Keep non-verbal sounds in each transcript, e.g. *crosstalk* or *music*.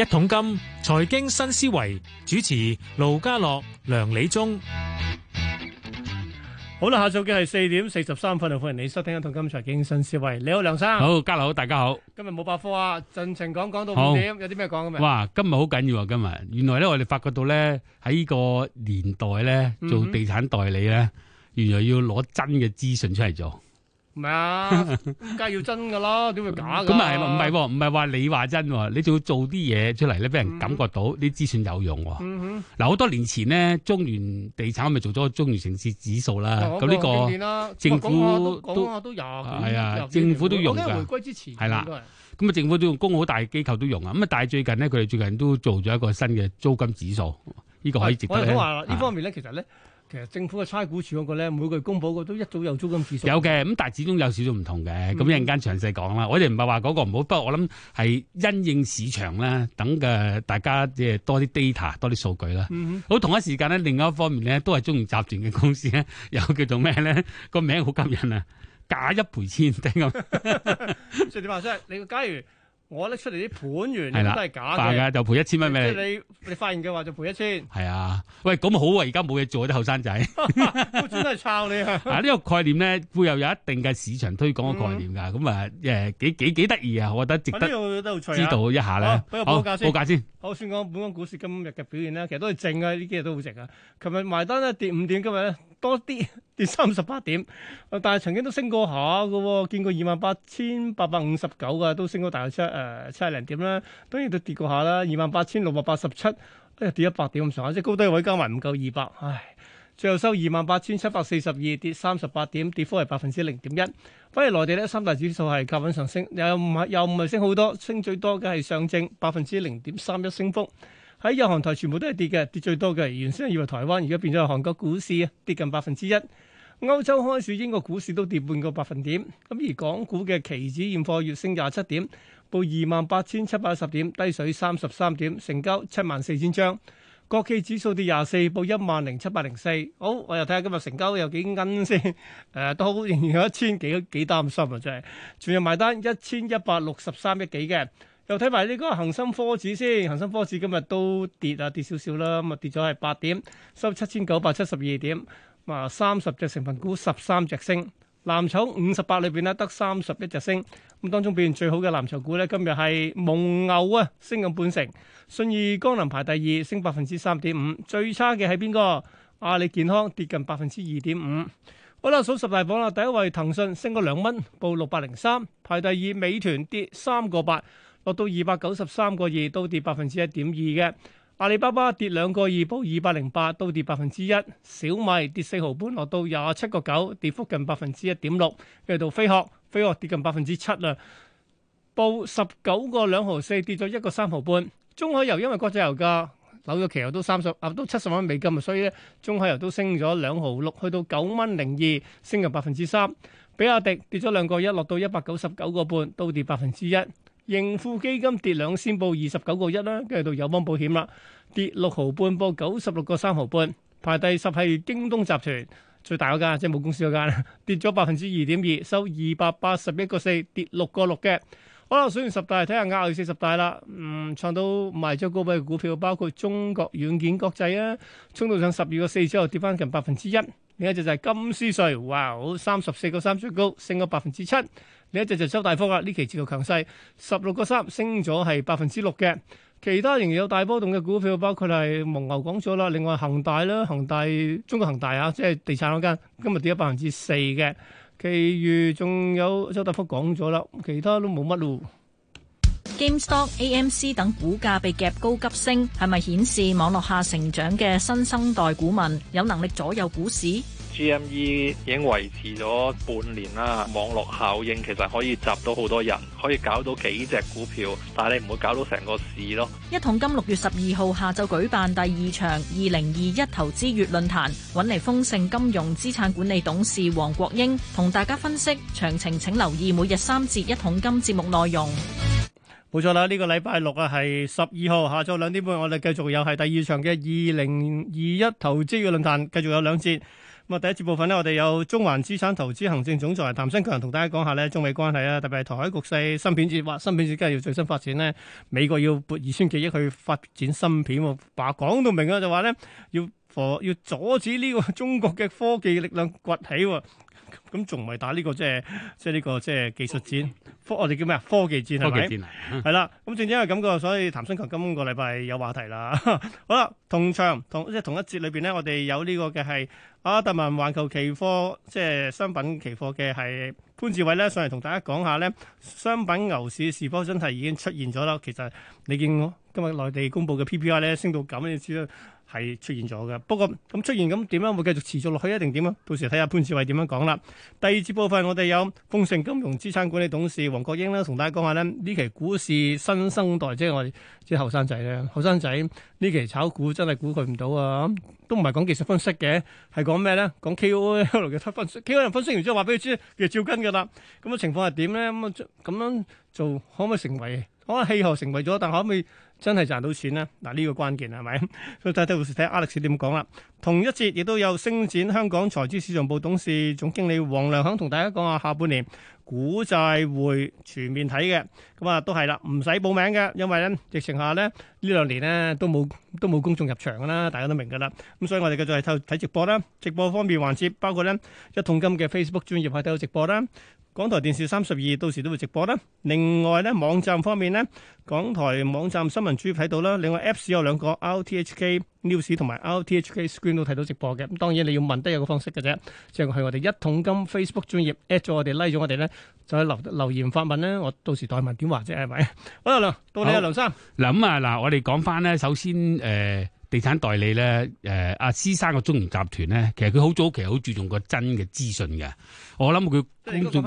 一桶金財經新思維，主持盧家樂、梁理中，好啦，下晝嘅係四點四十三分，嚟歡迎你收聽一桶金財經新思維。你好，梁生，好家樂，好大家好，今日冇百科啊，盡情講講到五點，有啲咩講咁啊？哇，今日好緊要啊！今日原來咧，我哋發覺到咧喺呢個年代咧做地產代理咧，嗯嗯，原來要攞真嘅資訊出嚟做。唔係啊，梗係要真噶啦，點 *laughs* 會假嘅，啊。咁啊係，唔係唔係話你話真，你仲要做啲嘢出嚟咧，俾人感覺到啲資訊有用啊！嗱，嗯，好多年前呢，中原地產咪做咗個中原城市指數啦。咁呢講政府，啊啊，都講下都有。係啊，啊地，政府都用噶。講回歸之前。係啦，咁啊，政府都用，供好大機構都用啊。咁啊，但係最近呢，佢哋最近都做咗一個新嘅租金指數，呢，這個可以直接話呢方面咧，其實咧。其實政府嘅差估處嗰個咧，每個月公佈個都一早有租金指數。有嘅，咁但係始終有少少唔同嘅，咁一陣間詳細講啦、嗯。我哋唔係話嗰個唔好，不過我諗係因應市場啦。等嘅大家即係多啲 data，多啲數據啦、嗯。好同一時間咧，另外一方面咧，都係中意集團嘅公司咧，又叫做咩咧？個名好吸引啊！假一賠千，聽 *laughs* 唔？ *laughs* *laughs* 即係點話啫？你假如，我拎出嚟啲盤源，原來都係假嘅。就賠一千蚊俾你。你你發現嘅話，就賠一千。係啊，喂，咁好 *laughs* 啊！而家冇嘢做啲後生仔，個個都係抄你。啊，呢、呢個概念咧，會又有一定嘅市場推廣嘅概念㗎。咁、嗯、啊，誒、嗯、幾幾幾得意啊！我覺得值得知道一下呢，不、啊、如報價先。報價先,報價先。好，先講本港股市今日嘅表現呢，其實都係正啊。呢幾日都好值啊。琴日埋單咧跌五點，今日咧。多啲跌三十八點，但係曾經都升過下嘅，見過二萬八千八百五十九嘅，都升過大約七誒七零點啦。當然都跌過下啦，二萬八千六百八十七，哎呀，跌一百點咁上下，即係高低位加埋唔夠二百。唉，最後收二萬八千七百四十二，跌三十八點，跌幅係百分之零點一。反而內地咧三大指數係較穩上升，又唔係又唔係升好多，升最多嘅係上證百分之零點三一升幅。喺日韓台全部都係跌嘅，跌最多嘅原先以為台灣，而家變咗係韓國股市啊，跌近百分之一。歐洲開始英國股市都跌半個百分點，咁而港股嘅期指現貨月升廿七點，報二萬八千七百一十點，低水三十三點，成交七萬四千張。國企指數跌廿四，報一萬零七百零四。好，我又睇下今日成交有幾銀先，誒、呃、都仍然有一千幾，幾擔心啊，真係全日埋單一千一百六十三億幾嘅。又睇埋呢個恒生科指先，恒生科指今日都跌啊，跌少少啦。咁啊，跌咗係八點，收七千九百七十二點。啊，三十隻成分股十三隻升，藍籌五十八裏邊咧得三十一隻升。咁當中表現最好嘅藍籌股咧，今日係蒙牛啊，升近半成。信義光能排第二，升百分之三點五。最差嘅係邊個？阿、啊、里健康跌近百分之二點五。好啦，數十大榜啦。第一位騰訊升個兩蚊，報六百零三。排第二美團跌三個八。落到二百九十三個二，都跌百分之一點二嘅。的阿里巴巴跌兩個二，報二百零八，都跌百分之一。小米跌四毫半，落到廿七個九，跌幅近百分之一點六。跟住到飛鶴，飛鶴跌近百分之七啦，報十九個兩毫四，跌咗一個三毫半。中海油因為國際油價紐約期油都三十啊，都七十蚊美金啊，所以咧中海油都升咗兩毫六，去到九蚊零二，升咗百分之三。比亞迪跌咗兩個一，落到一百九十九個半，都跌百分之一。盈富基金跌兩仙，報二十九個一啦，跟住到友邦保險啦，跌六毫半，報九十六個三毫半。排第十係京東集團最大嗰間，即係母公司嗰間，跌咗百分之二點二，收二百八十一個四，跌六個六嘅。好啦，數完十大，睇下亞市四十大啦，嗯，創到賣咗高位嘅股票，包括中國軟件國際啊，衝到上十二個四之後跌返近百分之一。另一隻就係金斯瑞，哇，好三十四個三最高，升咗百分之七。呢一隻就周大福啦，呢期持續強勢，十六個三升咗係百分之六嘅。其他仍然有大波動嘅股票，包括係蒙牛講咗啦，另外恒大啦，恒大中國恒大啊，即係地產嗰間，今日跌咗百分之四嘅。其餘仲有周大福講咗啦，其他都冇乜咯。GameStop, AMC 等股價被夾高急升，係咪顯示網絡下成長嘅新生代股民有能力左右股市？GME 已經維持咗半年啦，網絡效應其實可以集到好多人，可以搞到幾隻股票，但你唔會搞到成個市囉。一桶金六月十二號下晝舉辦第二場二零二一投資月論壇，搵嚟豐盛金融資產管理董事黃國英，同大家分析，詳情請留意每日三節一桶金節目內容。冇錯啦，呢、這個禮拜六啊，係十二號下晝兩點半，我哋繼續又係第二場嘅二零二一投資嘅論壇，繼續有兩節。咁啊，第一節部分呢，我哋有中環資產投資行政總裁譚新強同大家講下咧中美關係啊，特別係台海局勢芯片節或芯片節，梗係要最新發展咧，美國要撥二千幾億去發展芯片，話講到明啊，就話咧要。要阻止呢個中國嘅科技力量崛起喎，咁仲唔係打呢個即係即係呢個即係技術戰科，科我哋叫咩啊？科技戰係咪？係啦，咁正正因為咁個，所以譚新強今個禮拜有話題啦。 *laughs* 好啦，同場同即係同一節裏邊咧，我哋有呢個嘅係阿特文環球期貨即係商品期貨嘅係潘志偉咧上嚟同大家講下咧，商品牛市是否真係已經出現咗啦？其實你見我今日內地公布嘅 PPI 咧升到咁你知道。係出現咗嘅，不過咁出現咁點樣會繼續持續落去，一定點啊？到時睇下潘志偉點樣講啦。第二節部分，我哋有豐盛金融資產管理董事黃國英啦，同大家講下咧，呢期股市新生代，即係我哋即係後生仔咧。後生仔呢期炒股真係估佢唔到啊！都唔係講技術分析嘅，係講咩咧？講 KOL 嘅分析，KOL 嘅分析完之後話俾佢知，其實照跟㗎啦。咁嘅情況係點咧？咁咁樣做可唔可以成為？可能氣候成為咗，但可唔可以？真係賺到錢咧，嗱、這、呢個關鍵係咪？所以睇睇到時睇下 Alex 點講啦。同一節亦都有星展，香港財資市場部董事總經理王良享同大家講下下半年股債匯全面睇嘅，咁啊都係啦，唔使報名嘅，因為咧疫情下咧呢兩年咧都冇都冇公眾入場嘅啦，大家都明嘅啦。咁所以我哋繼續係睇直播啦，直播方面環節包括咧一桶金嘅 Facebook 專業睇到直播啦，港台電視三十二到時都會直播啦。另外咧網站方面咧，港台網站新聞主要睇到啦，另外 Apps 有兩個 RTHK。News 同埋 RTHK screen 都睇到直播嘅，咁當然你要問得有個方式嘅啫，即係我哋一桶金 Facebook 專業 at 咗我哋 like 咗我哋咧，就喺留留言發問咧，我到時代問點話啫，係咪？好啦，梁，到你啦，梁生。嗱咁啊，嗱我哋講翻咧，首先誒。地產代理咧，誒、呃，阿施生個中原集團咧，其實佢好早期好注重個真嘅資訊嘅。我諗佢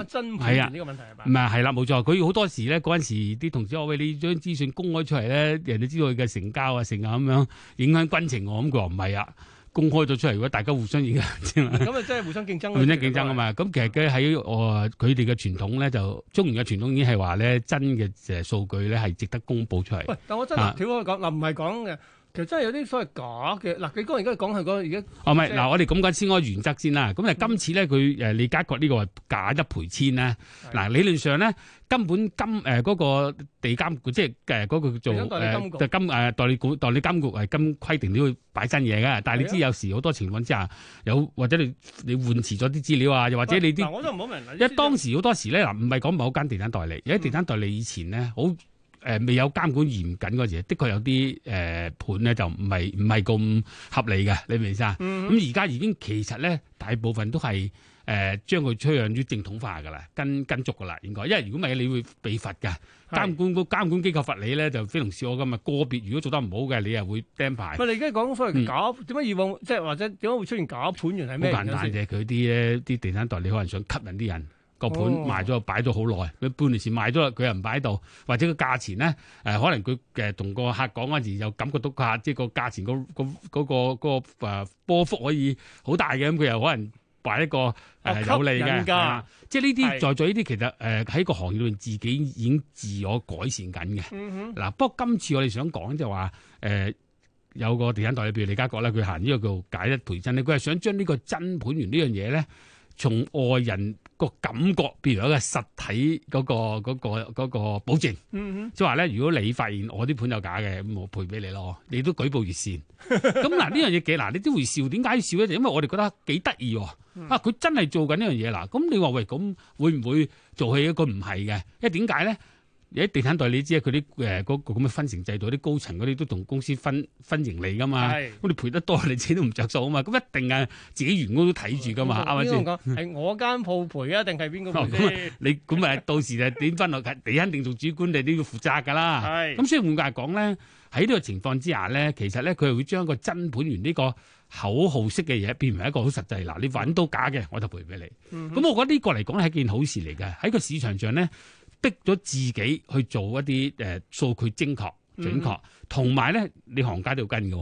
真係啊，呢個問題係嘛？唔係係啦，冇錯。佢好、啊、多時咧嗰陣時啲同事話喂，你將資訊公開出嚟咧，人哋知道佢嘅成交啊、成交咁樣，影響軍情我咁。佢話唔係啊，公開咗出嚟，如果大家互相影響咁啊，真 *laughs* 係、嗯、互相競爭。互相競爭啊嘛。咁其實喺我佢哋嘅傳統咧，就中原嘅傳統已經係話咧，真嘅誒數據咧係值得公佈出嚟。但我真係跳開講，嗱、啊，唔係講嘅。其實真係有啲所謂假嘅，嗱、啊，佢剛而家講係講而家，哦、啊，唔係，嗱、就是啊，我哋講緊先嗰個原則先啦。咁、嗯、啊，今次咧佢誒李家國呢個係假一賠千咧。嗱，理論上咧根本金，誒、呃、嗰、那個地監、呃那個、局，即係誒嗰個叫做金地、呃、代理股代理監局係金規定都要擺真嘢嘅。但係你知有時好多情況之下，有或者你你換遲咗啲資料啊，又或者你啲，嗱、呃，我都唔好明。因為當時好多時咧，嗱、啊，唔係講某間地產代理，而、嗯、家地產代理以前咧好。誒、呃，未有監管嚴謹嗰時，的確有啲誒、呃、盤咧就唔係唔係咁合理嘅，你明唔明意思？咁而家已經其實咧，大部分都係誒、呃、將佢趨向於正統化嘅啦，跟跟足嘅啦，應該。因為如果唔係，你會被罰嘅。監管個監管機構罰你咧就非同小可嘅嘛。個別如果做得唔好嘅，你又會釘牌。唔，你而家講所謂假點解、嗯、以往即係或者點解會出現假盤源係咩？好簡單啫，佢啲啲地產代理可能想吸引啲人，人。個盤賣咗又擺咗好耐，佢半年前賣咗，佢又唔擺喺度，或者個價錢咧，誒、呃，可能佢誒同個客講嗰陣時，又感覺到客即係、嗰個價錢、嗰個、嗰個嗰、嗰個誒波幅可以好大嘅，咁、嗯、佢又可能擺一個誒有利嘅。即係呢啲在做呢啲，其實誒喺、呃、個行業裏面自己已經自我改善緊嘅。嗱、嗯啊，不過今次我哋想講就話，誒、呃、有個地產代理，譬如李家國咧，佢行呢個叫解一培真咧，佢係想將呢個真盤源呢樣嘢咧。從外人個感覺，譬如一個實體嗰、嗰個嗰、嗰個嗰個嗰個、保證，嗯嗯，即係話咧，如果你發現我啲盤有假嘅，咁我賠俾你咯，你都舉報熱線。咁嗱呢樣嘢幾嗱？你都會笑，點解笑咧？就因為我哋覺得幾得意喎。啊，佢真係做緊呢樣嘢嗱。咁你話喂，咁會唔會做起一個唔係嘅？因為點解咧？而喺地產代理，你知啊佢啲誒嗰咁嘅分成制度，啲高層嗰啲都同公司分分盈利噶嘛。咁你賠得多，你自己都唔着數啊嘛。咁一定啊，自己員工都睇住噶嘛，係咪先？咁講係我間鋪賠啊，定係邊個？你咁啊，哦、到時就點分落嚟？你肯定做主管，你都要負責噶啦。咁所以換句話講咧，喺呢個情況之下咧，其實咧佢係會將一個真盤源呢個口號式嘅嘢，變為一個好實際。嗱，你揾到假嘅，我就賠俾你。咁、嗯、我覺得呢個嚟講係一件好事嚟嘅，喺個市場上咧。逼咗自己去做一啲誒、呃、數據精確準確，同埋咧你行家都要跟嘅喎，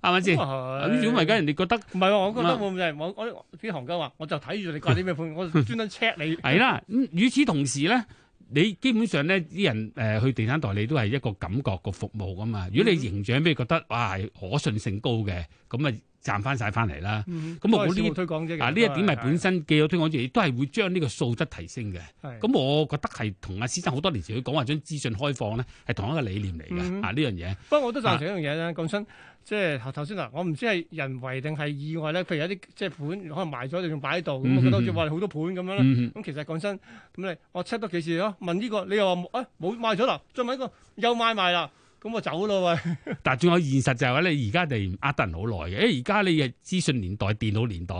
啱唔啱先？咁點解人哋覺得？唔係、啊、我覺得我就係我啲行家話，我就睇住你掛啲咩盤， *laughs* 我就專登 check 你。係 *laughs* 啦，咁、嗯、與此同時咧，你基本上咧啲人誒、呃、去地產代理都係一個感覺個服務啊嘛。如果你形象俾你覺得、嗯、哇可信性高嘅，咁啊～賺翻晒翻嚟啦，咁、嗯、我冇呢啲啊呢一點係本身既有推廣亦都係會將呢個素質提升嘅。咁我覺得係同阿先生好多年前佢講話將資訊開放咧，係同一個理念嚟嘅、嗯、啊呢樣嘢。不過我都贊成一樣嘢咧，講、啊、真，即係頭先嗱，我唔知係人為定係意外咧，譬如有啲即係盤可能賣咗，仲擺喺度，咁、嗯、我覺得好似話好多盤咁樣啦。咁、嗯、其實講真，咁你我 check 多幾次咯，問呢、呢個，你又話誒冇賣咗啦，再問一個又賣埋啦。咁我走咯喂！但係仲有現實就係話你而家哋呃得人好耐嘅，因為而家你嘅資訊年代、電腦年代，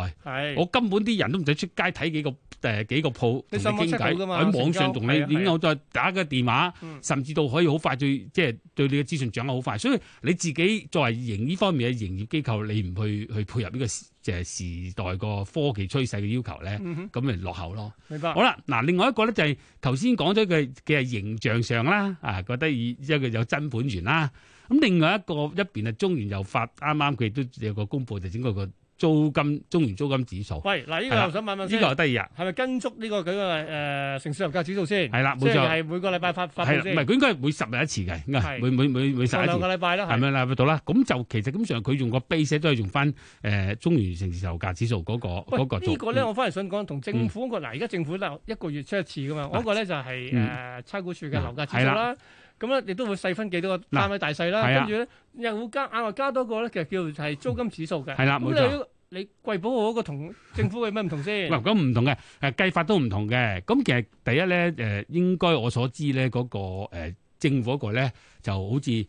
我根本啲人都唔使出街睇幾個誒、呃、幾個鋪同你傾偈，喺網上同你，然我、啊啊、再打個電話，甚至到可以好快即係對你嘅資訊掌握好快。所以你自己作為呢方面嘅營業機構，你唔去去配合呢、這個？就係時代個科技趨勢嘅要求咧，咁咪落後咯。明、嗯、白。好啦，嗱，另外一個咧就係頭先講咗佢嘅形象上啦，啊，覺得以一個有真本源啦。咁另外一個一邊係中原又發啱啱佢亦都有個公佈，就整個個。租金中原租金指數，喂，嗱，呢個又想問問先，呢、這個又第二日，係咪跟足呢、這個佢嘅誒城市樓價指數先？係啦，冇錯，即係每個禮拜發發翻先唔係，佢應該係每十日一次嘅，應該每每每每十日個禮拜啦。係咪兩個禮拜到啦？咁就、嗯嗯嗯、其實基本上佢用個 base 都係用翻誒中原城市樓價指數嗰個嗰個。那個這個、呢個咧，我返嚟想講同政府嗰個，嗱、嗯，而家政府咧一個月出一次噶嘛，嗰、嗯、個咧就係、是、誒、呃、差估署嘅樓價指數、嗯嗯嗯、啦。啊啊啊咁咧，亦都會細分幾多個單位大細啦，跟住咧又會加，額外加多個咧，其實叫做係租金指數嘅。係啦、啊，冇錯。咁你你貴寶嗰個同政府係咩唔同先？嗱、啊，咁唔同嘅，誒、呃、計法都唔同嘅。咁其實第一咧，誒應該我所知咧、嗰個，嗰、呃、個政府嗰個咧就好似。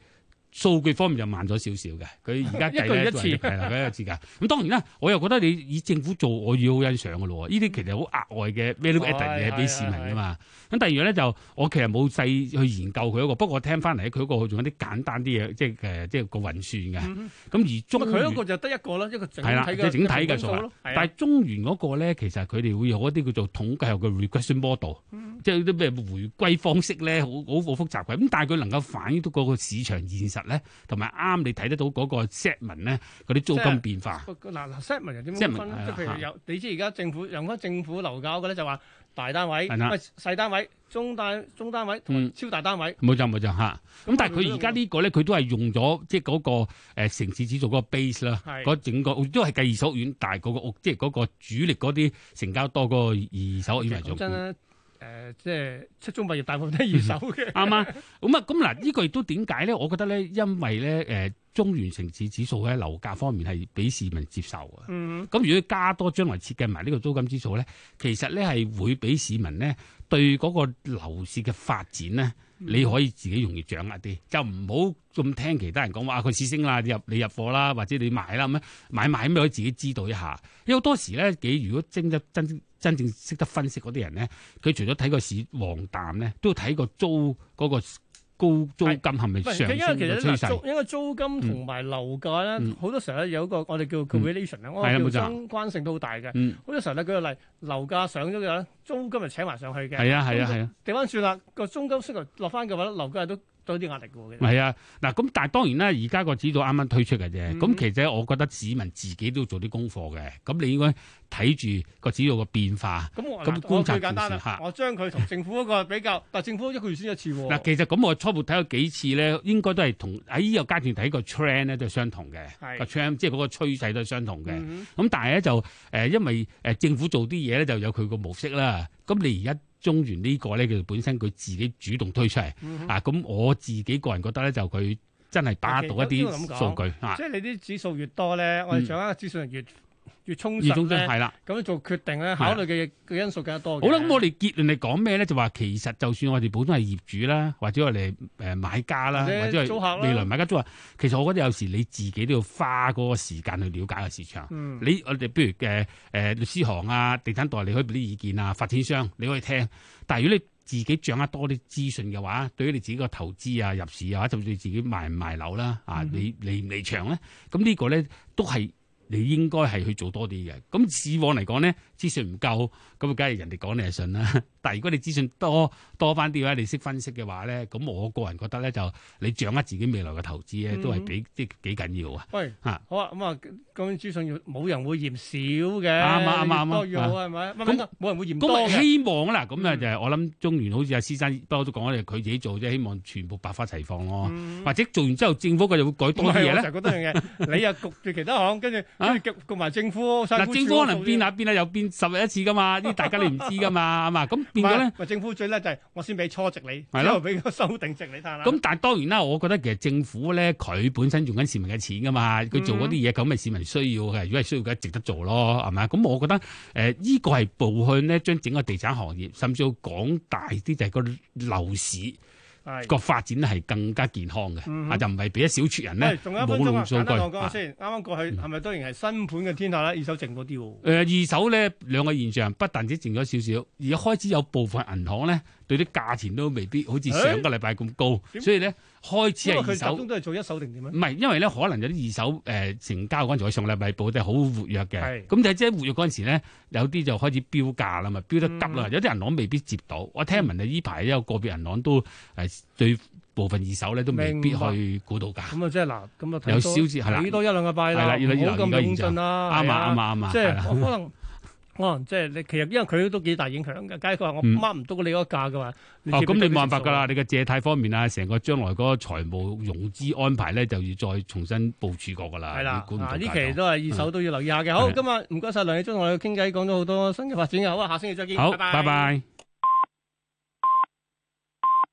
數據方面就慢咗少少嘅，佢而家計 *laughs* 一,一次，係一次㗎。咁 *laughs* 當然啦，我又覺得你以政府做，我要好欣賞㗎咯。呢 *laughs* 啲其實好額外嘅 value added 嘢俾市民㗎嘛。咁、哎哎、第二樣咧就，我其實冇細去研究佢一個，不過我聽翻嚟佢一個仲、嗯、有啲簡單啲嘢，即係即係個運算嘅。咁、嗯、而中原佢嗰個就得一個啦，一個整體嘅、就是、但係中原嗰個咧，其實佢哋會有一啲叫做統計學嘅 regression model，即係啲咩回歸方式咧，好好複雜嘅。咁但係佢能夠反映到嗰個市場現實。咧，同埋啱你睇得到嗰個 set 文咧，嗰啲租金變化。嗱嗱 set 文又點樣分即係譬如有你知而家政府用翻政府樓價嘅咧，就話大單位，唔係細單位、中單、中單位同超大單位。嗯、冇錯冇錯嚇。咁、啊、但係佢而家呢個咧，佢都係用咗即係嗰個城市指數嗰個 base 啦，整個都係計二手屋苑大嗰個屋，即係嗰個主力嗰啲成交多過二手屋苑嚟做。誒、呃，即係出租物業大部分的、嗯嗯 *laughs* 嗯，這個、都二手嘅，啱嘛？咁啊，咁嗱，呢個亦都點解咧？我覺得咧，因為咧，誒、呃，中原城市指數喺樓價方面係俾市民接受嘅。咁、嗯、如果加多，將來設計埋呢個租金指數咧，其實咧係會俾市民咧對嗰個樓市嘅發展咧、嗯，你可以自己容易掌握啲，就唔好咁聽其他人講話佢市升啦，你入你入貨啦，或者你買啦咁樣買買咁樣，可以自己知道一下。有好多時咧，幾如果升得真正識得分析嗰啲人咧，佢除咗睇個市旺淡咧，都睇個租嗰、嗰個高租金係咪上，因為其實咧租，因為租金同埋樓價咧，好、嗯、多時候咧有一個我哋叫做、嗯嗯、叫 relation 啦，我哋叫相關性都好大嘅。好、嗯嗯、多時候咧舉個例，樓價上咗嘅咧，租金咪請埋上去嘅。係啊係啊係啊，掉翻、啊啊、轉啦，個租金雖然落翻嘅話，樓價都。多啲壓力嘅，係啊！嗱，咁但係當然啦，而家個指導啱啱推出嘅啫。咁、嗯、其實我覺得市民自己都做啲功課嘅。咁你應該睇住個指導嘅變化，咁我得察我簡單。我將佢同政府一個比較， *laughs* 但政府一個月先一次喎。嗱，其實咁我初步睇咗幾次咧，應該都係同喺呢個階段睇個趨 n 咧都就相同嘅。個 train 即係嗰個趨勢都係相同嘅。咁、嗯、但係咧就因為政府做啲嘢咧就有佢個模式啦。咁你而家。中原呢個咧，佢本身佢自己主動推出嚟、嗯、哼啊！咁我自己個人覺得咧，就佢真係把握到一啲數據 okay，啊！即係你啲指數越多咧，我哋掌握嘅資訊就越越充實咧，係啦，咁樣做決定咧，考慮嘅嘅因素更加多。好啦，咁我哋結論嚟講咩咧？就話其實就算我哋本身係業主啦，或者我哋誒買家啦，或者係租客啦，未來買家租客，其實我覺得有時你自己都要花嗰個時間去了解個市場。嗯、你我哋比如嘅誒、呃、律師行啊、地產代理你可以俾啲意見啊，發展商你可以聽。但係如果你自己掌握多啲資訊嘅話，對於你自己個投資啊、入市啊，甚至自己賣唔賣樓啦、嗯、啊，你離唔離場咧？咁呢個咧都係。你應該，係去做多啲嘅，咁以往嚟講咧。資訊唔夠，咁啊，梗係人哋講你就信啦。但係如果你資訊多多翻啲嘅話，你識分析嘅話咧，咁我個人覺得咧，就你掌握自己未來嘅投資咧、嗯，都係幾即係幾緊要啊。喂，嚇好啊，咁啊，咁樣資訊冇人會嫌少嘅，啱、啊、啱，要好係咪？咁、啊、冇人會嫌多嘅。咁希望啦，咁啊就係、是嗯、我諗，中原好似阿施生，不過都講咧，佢自己做即希望全部百花齊放咯、嗯。或者做完之後，政府佢就會改多嘢咧。就覺得樣嘢， *laughs* 你又焗住其他行，跟住焗焗埋政府，嗱，政府可能邊下邊啊有邊。哪十日一次噶嘛？呢大家你唔知噶嘛？啊 *laughs* 嘛，咁變咗咧，政府最叻就係我先俾初值你，之後俾個修訂值你睇下。咁但係當然啦，我覺得其實政府咧佢本身用緊市民嘅錢噶嘛，佢做嗰啲嘢咁咪市民需要嘅，如果係需要嘅，值得做咯，係咪？咁我覺得誒依、呃呢個係步向咧，將整個地產行業，甚至要講大啲就係個樓市。係個發展係更加健康嘅，嗯，啊就唔係俾一小撮人咧。仲有一分鐘啊，我講先。啱、啊、啱過去係咪、嗯、當然係新盤嘅天下啦，二手靜咗啲喎。誒、呃，二手咧兩個現象，不但止靜咗少少，而家開始有部分銀行咧。對啲價錢都未必好似上個禮拜咁高、欸，所以咧開始係佢手中都係做一手定點樣？唔係，因為咧可能有啲二手、呃、成交嗰陣時上禮拜報都係好活躍嘅。咁就即係活躍嗰陣時咧，有啲就開始飆價啦，嘛，飆得急啦、嗯。有啲人攞未必接到。我聽聞呢呢排、嗯、有個別人攞都對、呃、部分二手咧都未必去估到價。咁啊，即係嗱，咁啊、就是、有少少係啦，幾多一兩個拜啦，唔好咁貢咁啦，啱啊，啱啱啊，即係、啊啊啊啊就是、可能。 *laughs* 哦，即係你其實因為佢都幾大影響嘅，梗係佢話我 mark 唔到你嗰價嘅嘛，咁你冇辦法噶啦，你嘅、哦嗯、借貸方面啊，成個將來嗰個財務融資安排咧，就要再重新部署過噶啦。係、嗯、啦、呢、啊、期都係二手都要留意下嘅、嗯。好，今晚唔該晒梁理中同我哋傾偈，講咗好多新嘅發展又好啊，下星期再見，好，拜拜。Bye bye